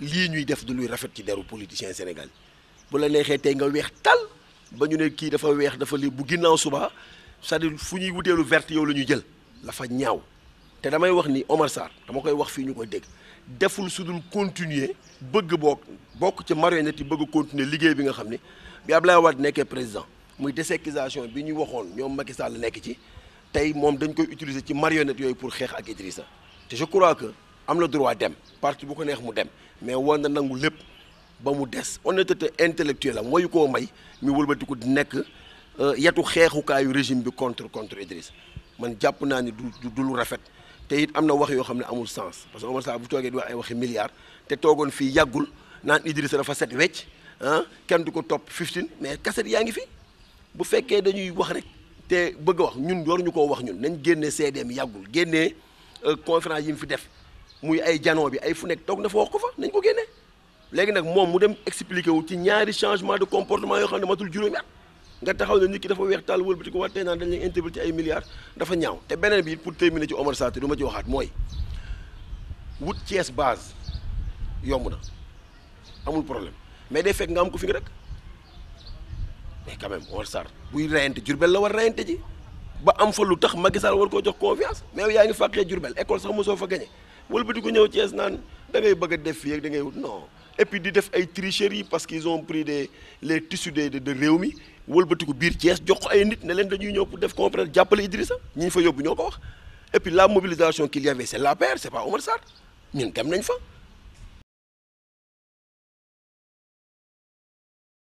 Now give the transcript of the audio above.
lii ñuy def du luy rafet ci deru politicien Sénégal bu la neexee tey nga weex tal ba ñu ne kii dafa weex dafa lii bu ginnaaw suba cest à fu ñuy wuteelu verte yow la ñuy jël la ñaaw te damay wax ni Omar Sarr dama koy wax fii ñu ko dégg deful su dul continuer bëgg bokk bokk ci marionnette yi bëgg continuer liggéey bi nga xam ni bi Abdoulaye Wade nekkee président muy déséquisation bi ñu waxoon ñoom Macky Sall nekk ci tey moom dañ koy utiliser ci marionnette yooyu pour xeex ak Idrissa te je crois que am na droit dem parti bu ko neex mu dem mais war na nangu lépp ba mu des honnêteté intellectuelle am wayu ko may mi wëlbatiku di nekk euh, yatu xeexukaayu régime bi contre contre Idriss man jàpp naa ni du du lu rafet te it am na wax yoo xam ne amul sens parce que Omar Sall bu toogee di wax ay waxi milliards te toogoon fii yàggul naan Idriss dafa set wecc ah kenn du ko topp 15 mais kaset yaa ngi fi bu fekkee dañuy wax rek te bëgg a wax ñun waruñu koo wax ñun nañ génnee CDM yàggul génnee euh, conférence yi mu fi def muy ay janoo bi ay fu nekk toog na fa wax ko fa nañ ko génne léegi nag moom mu dem expliqué wu ci ñaari changement de comportement yoo xam ne matul juróom at nga taxaw ne nit ki dafa weex taal wëlbati ko waxtee naan dañ leen intégrer ci ay milliards dafa ñaaw te beneen bi pour terminer ci Omar Sarr du ma ci waxaat mooy wut Thiès base yomb na amul problème mais day fekk nga am ko fi nga rek mais quand même Omar Sarr buy reyante Jurbel la war reyante ji ba am fa lu tax Macky Sall war koo jox confiance mais yow yaa ngi fàqee Jurbel école sax mosoo fa gañe wëlbati ko ñëw Thiès naan da ngay bëgg a def fii ak da ngay wut non et puis di def ay tricheries parce qu'ils on pris des les tissus de de réew mi wëlbati ko biir Thiès jox ko ay nit ne leen dañuy ñëw pour def comprendre jàppale Idrissa ñi ñu fa yóbbu ñoo ko wax et puis la mobilisation qu'il y avait c'est la paire c'est pas Omar Sarr ñun dem nañ fa.